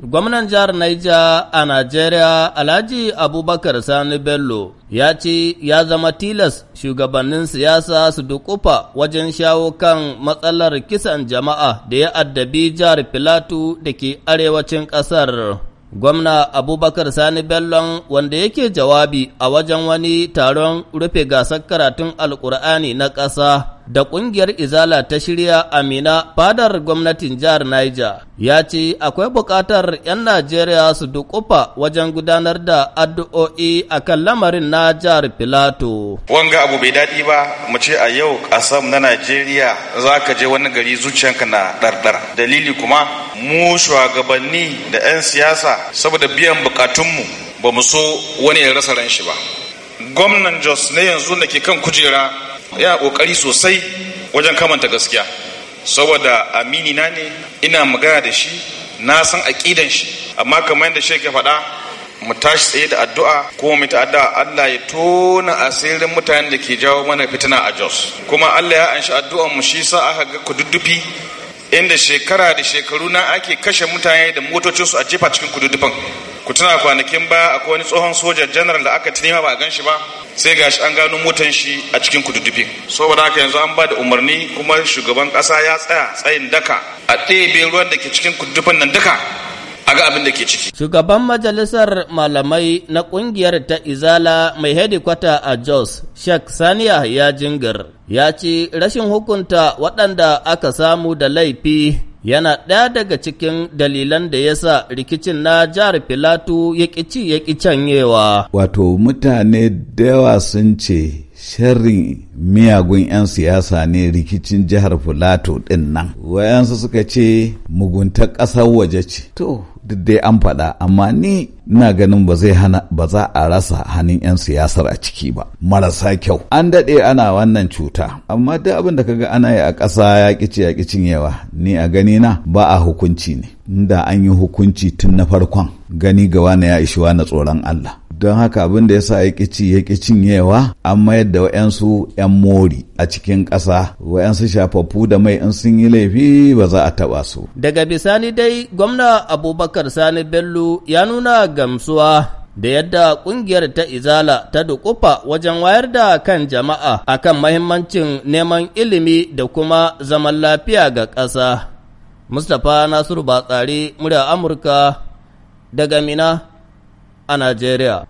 Gwamnan jihar Naija a Najeriya Alhaji Abubakar Sani Bello ya ce ya zama tilas shugabannin siyasa su dukufa wajen shawo kan matsalar kisan jama'a da ya addabi jihar Filatu da ke arewacin ƙasar. Gwamna Abubakar Sani Bellon wanda yake jawabi a wajen wani taron rufe gasar karatun Alƙur'ani na ƙasa da ƙungiyar Izala ta shirya Amina fadar gwamnatin jihar Niger ya ce akwai buƙatar 'yan Najeriya su dukufa wajen gudanar da addu'o'i a kan lamarin na jihar Filato. Wanga abu bai daɗi ba mu ce a yau ƙasar na Najeriya za ka je wani gari zuciyanka na ɗarɗar. Dalili kuma mu shugabanni da 'yan siyasa saboda biyan bukatunmu ba mu so wani ya rasa ran shi ba gwamnan jos ne yanzu da ke kan kujera yana kokari sosai wajen kamanta gaskiya saboda amini na ne ina magana da shi na san aƙidan shi amma kamar yadda shi faɗa mu tashi tsaye da addu'a kuma mu ta'adda Allah ya tona asirin mutanen da ke jawo mana fitina a Jos kuma Allah ya anshi addu'an mu shi sa aka ga kududdufi inda shekara da shekaru na ake kashe mutane da motocinsu a jefa cikin kududdufan ku tuna kwanakin ba akwai wani tsohon sojan Janaral da aka tunima ba a gan shi ba sai gashi an gano motan shi a cikin kududdufi saboda haka yanzu an ba da umarni kuma shugaban kasa ya tsaya tsayin daka a ɗebe ruwan da ke cikin kududdufan nan duka a ga abin da ke ciki. Shugaban majalisar malamai na kungiyar ta Izala mai hedikwata a Jos, Sheikh Saniya ya jingir, ya ci rashin hukunta waɗanda aka samu da laifi yana ɗaya daga cikin dalilan da ya sa rikicin na jihar Filatu ya ƙici ya ƙi canyewa. Wato mutane da sun ce sharrin miyagun 'yan siyasa ne rikicin jihar Filato ɗin nan. Wayansu suka ce mugunta ƙasar waje ce. To, duk dai an faɗa amma ni na ganin ba zai hana ba za a rasa hannun 'yan siyasar a ciki ba marasa kyau an daɗe ana wannan cuta amma duk abin da kaga ana yi a ƙasa ya ƙici ya yawa. ni a gani na ba a hukunci ne da an yi hukunci tun na farkon gani gawa na ya ishi na tsoron Allah don haka abin da ya sa ya ya ƙi cinyewa an mayar da wa'yansu 'yan mori a cikin ƙasa wa'yansu shafaffu da mai in sun yi laifi ba za a taɓa su. Daga bisani dai gwamna Abubakar Sani Bello ya nuna gamsuwa da yadda ƙungiyar ta izala ta dukufa wajen wayar da kan jama'a akan mahimmancin neman ilimi da kuma zaman lafiya ga ƙasa. Mustapha Nasiru Batsari, murya Amurka, daga Mina. a Najeriya.